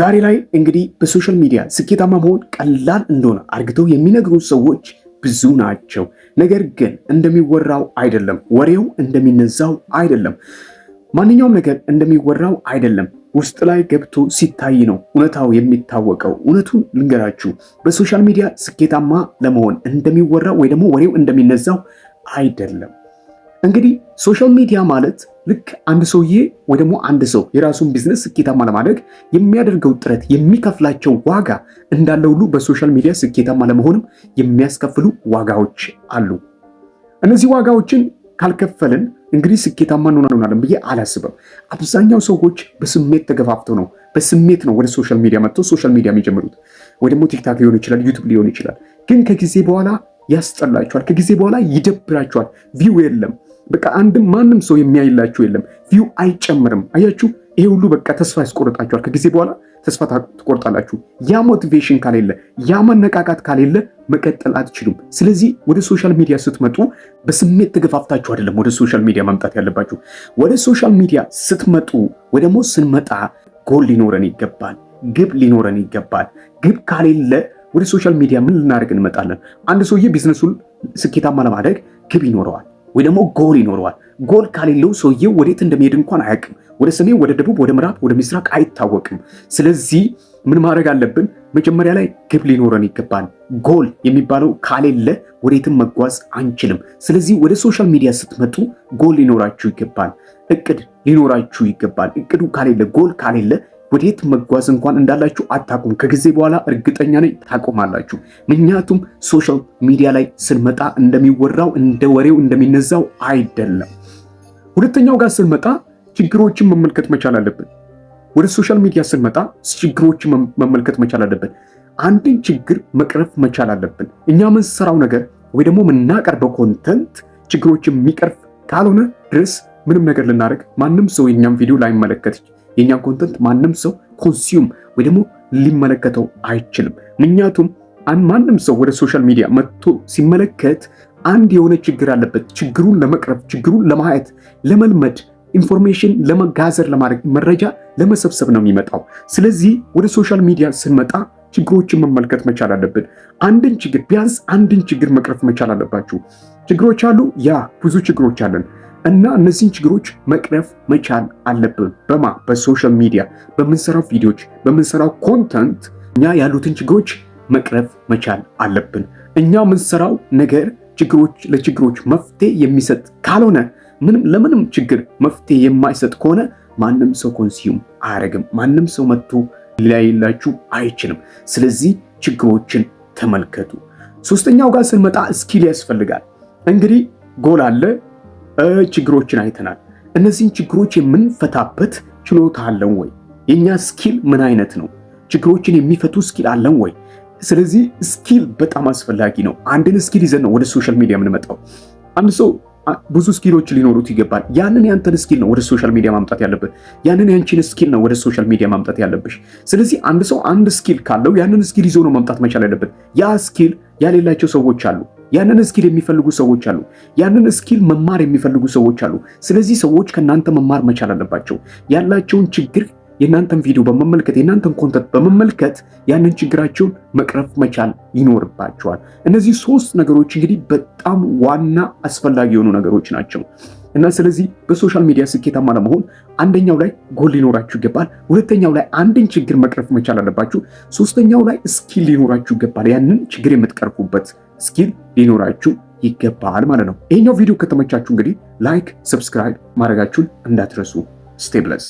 ዛሬ ላይ እንግዲህ በሶሻል ሚዲያ ስኬታማ መሆን ቀላል እንደሆነ አርግተው የሚነግሩ ሰዎች ብዙ ናቸው። ነገር ግን እንደሚወራው አይደለም፣ ወሬው እንደሚነዛው አይደለም፣ ማንኛውም ነገር እንደሚወራው አይደለም። ውስጥ ላይ ገብቶ ሲታይ ነው እውነታው የሚታወቀው። እውነቱን ልንገራችሁ፣ በሶሻል ሚዲያ ስኬታማ ለመሆን እንደሚወራው ወይ ደግሞ ወሬው እንደሚነዛው አይደለም። እንግዲህ ሶሻል ሚዲያ ማለት ልክ አንድ ሰውዬ ወይ ደግሞ አንድ ሰው የራሱን ቢዝነስ ስኬታማ ለማድረግ የሚያደርገው ጥረት የሚከፍላቸው ዋጋ እንዳለ ሁሉ በሶሻል ሚዲያ ስኬታማ ለመሆንም የሚያስከፍሉ ዋጋዎች አሉ። እነዚህ ዋጋዎችን ካልከፈልን እንግዲህ ስኬታማ እንሆናለን ብዬ አላስብም። አብዛኛው ሰዎች በስሜት ተገፋፍተው ነው በስሜት ነው ወደ ሶሻል ሚዲያ መጥተው ሶሻል ሚዲያ የሚጀምሩት፣ ወይ ደግሞ ቲክታክ ሊሆን ይችላል፣ ዩቱብ ሊሆን ይችላል። ግን ከጊዜ በኋላ ያስጠላቸዋል። ከጊዜ በኋላ ይደብራቸዋል። ቪው የለም በቃ አንድም ማንም ሰው የሚያይላችሁ የለም። ቪው አይጨምርም። አያችሁ፣ ይሄ ሁሉ በቃ ተስፋ ያስቆርጣችኋል። ከጊዜ በኋላ ተስፋ ትቆርጣላችሁ። ያ ሞቲቬሽን ካሌለ፣ ያ መነቃቃት ካሌለ መቀጠል አትችሉም። ስለዚህ ወደ ሶሻል ሚዲያ ስትመጡ በስሜት ተገፋፍታችሁ አይደለም ወደ ሶሻል ሚዲያ መምጣት ያለባችሁ። ወደ ሶሻል ሚዲያ ስትመጡ ወደሞ ስንመጣ ጎል ሊኖረን ይገባል። ግብ ሊኖረን ይገባል። ግብ ካሌለ ወደ ሶሻል ሚዲያ ምን ልናደርግ እንመጣለን? አንድ ሰውዬ ቢዝነሱን ስኬታማ ለማድረግ ግብ ይኖረዋል። ወይ ደግሞ ጎል ይኖረዋል። ጎል ካሌለው ሰውየው ወዴት እንደሚሄድ እንኳን አያውቅም። ወደ ሰሜን፣ ወደ ደቡብ፣ ወደ ምዕራብ፣ ወደ ምስራቅ አይታወቅም። ስለዚህ ምን ማድረግ አለብን? መጀመሪያ ላይ ግብ ሊኖረን ይገባል። ጎል የሚባለው ካሌለ ወዴትም መጓዝ አንችልም። ስለዚህ ወደ ሶሻል ሚዲያ ስትመጡ ጎል ሊኖራችሁ ይገባል። እቅድ ሊኖራችሁ ይገባል። እቅዱ ካሌለ፣ ጎል ካሌለ ወዴት መጓዝ እንኳን እንዳላችሁ አታቁም። ከጊዜ በኋላ እርግጠኛ ነኝ ታቆማላችሁ። ምክንያቱም ሶሻል ሚዲያ ላይ ስንመጣ እንደሚወራው እንደ ወሬው እንደሚነዛው አይደለም። ሁለተኛው ጋር ስንመጣ ችግሮችን መመልከት መቻል አለብን። ወደ ሶሻል ሚዲያ ስንመጣ ችግሮችን መመልከት መቻል አለብን። አንድን ችግር መቅረፍ መቻል አለብን። እኛ የምንሰራው ነገር ወይ ደግሞ የምናቀርበው ኮንተንት ችግሮችን የሚቀርፍ ካልሆነ ድረስ ምንም ነገር ልናደርግ ማንም ሰው የኛም ቪዲዮ ላይመለከት የእኛን ኮንተንት ማንም ሰው ኮንሱም ወይ ደግሞ ሊመለከተው አይችልም። ምክንያቱም ማንም ሰው ወደ ሶሻል ሚዲያ መጥቶ ሲመለከት አንድ የሆነ ችግር አለበት። ችግሩን ለመቅረብ፣ ችግሩን ለማየት፣ ለመልመድ፣ ኢንፎርሜሽን ለመጋዘር ለማድረግ፣ መረጃ ለመሰብሰብ ነው የሚመጣው። ስለዚህ ወደ ሶሻል ሚዲያ ስንመጣ ችግሮችን መመልከት መቻል አለብን። አንድን ችግር ቢያንስ አንድን ችግር መቅረፍ መቻል አለባችሁ። ችግሮች አሉ፣ ያ ብዙ ችግሮች አለን እና እነዚህን ችግሮች መቅረፍ መቻል አለብን። በማ በሶሻል ሚዲያ በምንሰራው ቪዲዮዎች በምንሰራው ኮንተንት እኛ ያሉትን ችግሮች መቅረፍ መቻል አለብን። እኛ የምንሰራው ነገር ችግሮች ለችግሮች መፍትሄ የሚሰጥ ካልሆነ ምንም ለምንም ችግር መፍትሄ የማይሰጥ ከሆነ ማንም ሰው ኮንሲዩም አያደርግም። ማንም ሰው መጥቶ ሊለያይላችሁ አይችልም። ስለዚህ ችግሮችን ተመልከቱ። ሶስተኛው ጋር ስንመጣ ስኪል ያስፈልጋል። እንግዲህ ጎል አለ ችግሮችን አይተናል። እነዚህን ችግሮች የምንፈታበት ችሎታ አለን ወይ? የእኛ ስኪል ምን አይነት ነው? ችግሮችን የሚፈቱ ስኪል አለን ወይ? ስለዚህ ስኪል በጣም አስፈላጊ ነው። አንድን ስኪል ይዘን ነው ወደ ሶሻል ሚዲያ የምንመጣው። አንድ ሰው ብዙ ስኪሎች ሊኖሩት ይገባል። ያንን ያንተን ስኪል ነው ወደ ሶሻል ሚዲያ ማምጣት ያለብህ። ያንን ያንቺን ስኪል ነው ወደ ሶሻል ሚዲያ ማምጣት ያለብሽ። ስለዚህ አንድ ሰው አንድ ስኪል ካለው ያንን ስኪል ይዞ ነው ማምጣት መቻል ያለበት። ያ ስኪል ያሌላቸው ሰዎች አሉ። ያንን ስኪል የሚፈልጉ ሰዎች አሉ። ያንን ስኪል መማር የሚፈልጉ ሰዎች አሉ። ስለዚህ ሰዎች ከእናንተ መማር መቻል አለባቸው። ያላቸውን ችግር የእናንተን ቪዲዮ በመመልከት የእናንተን ኮንተንት በመመልከት ያንን ችግራቸውን መቅረፍ መቻል ይኖርባቸዋል። እነዚህ ሶስት ነገሮች እንግዲህ በጣም ዋና አስፈላጊ የሆኑ ነገሮች ናቸው እና ስለዚህ በሶሻል ሚዲያ ስኬታማ ለመሆን አንደኛው ላይ ጎል ሊኖራችሁ ይገባል። ሁለተኛው ላይ አንድን ችግር መቅረፍ መቻል አለባችሁ። ሶስተኛው ላይ ስኪል ሊኖራችሁ ይገባል፣ ያንን ችግር የምትቀርፉበት ስኪል ሊኖራችሁ ይገባል ማለት ነው። ይህኛው ቪዲዮ ከተመቻችሁ እንግዲህ ላይክ፣ ሰብስክራይብ ማድረጋችሁን እንዳትረሱ። ስቴብለስ